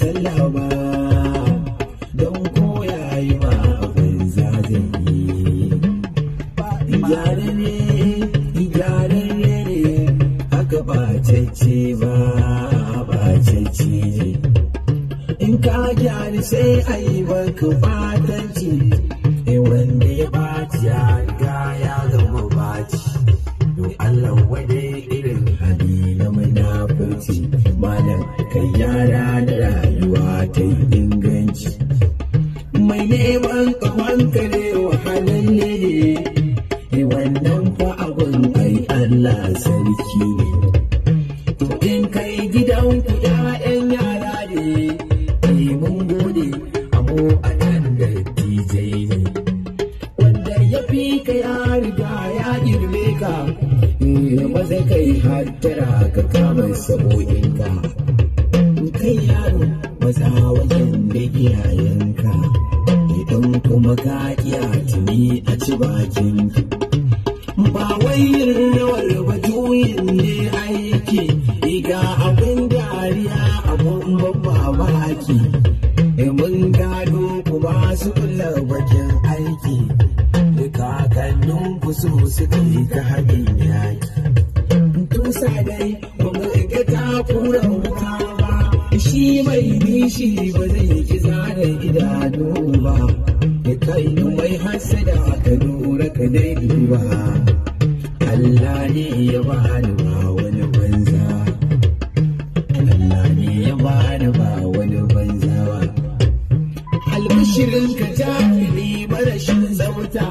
sallah ba don koya yi ma abin zazen yi gyararre gyararre ne haka ba cece ba ba ne in ka gyari sai a yi baka fatanci in wanda ya baci ya ga ya gama baci don allah wadai irin hali na munafurci malam kai yara da rayuwa ta yi inganci mai neman kawan kare wahalar ne eh, wannan fa abin kai Allah sarki ne to in kai gidan ku yayan yara ne eh mun gode abu a nan da DJ ne wanda ya fi ka ya riga ya girme ka eh ba sai kai hattara ka kama saboda ka kai ya iyayenka idan kuma ka kiya tuni a ci bakin ba wai rawar ba juyin ne aiki iga abin dariya abun babba baki e mun gado kuma su kula bakin aiki kakannin ku so suka yi ta hanyar yaki tusa dai ba ga ta kura wuta shi mai bishi ba zai ki zara idanu ba da kai mai hasada ka lura ka dai Allah ne ya bani ba wani banza Allah ne ya bani ba wani banza ba albishirin ka ta ni marashin zauta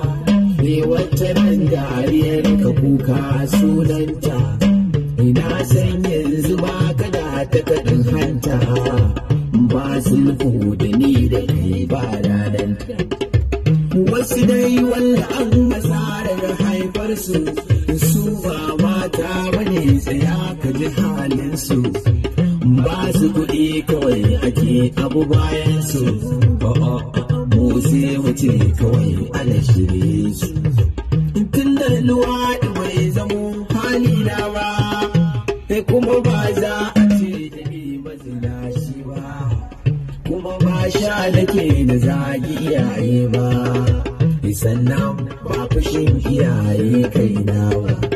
ne wata nan dariyar ka kuka sunanta ina san yanzu ba kada ta kada manta ba sulhu da ni da kai ba nan. wasu dai wanda an daga haifarsu su ba mata bane tsaya ka ji halinsu ba su kuɗi kawai ake abu bayansu ba a sai wuce kawai ana shirye su tun da luwaɗi mai zamo hali na ba kuma ba ba kuma ba sha nake da zagi iyaye ba sannan ba fushin iyaye kaina ba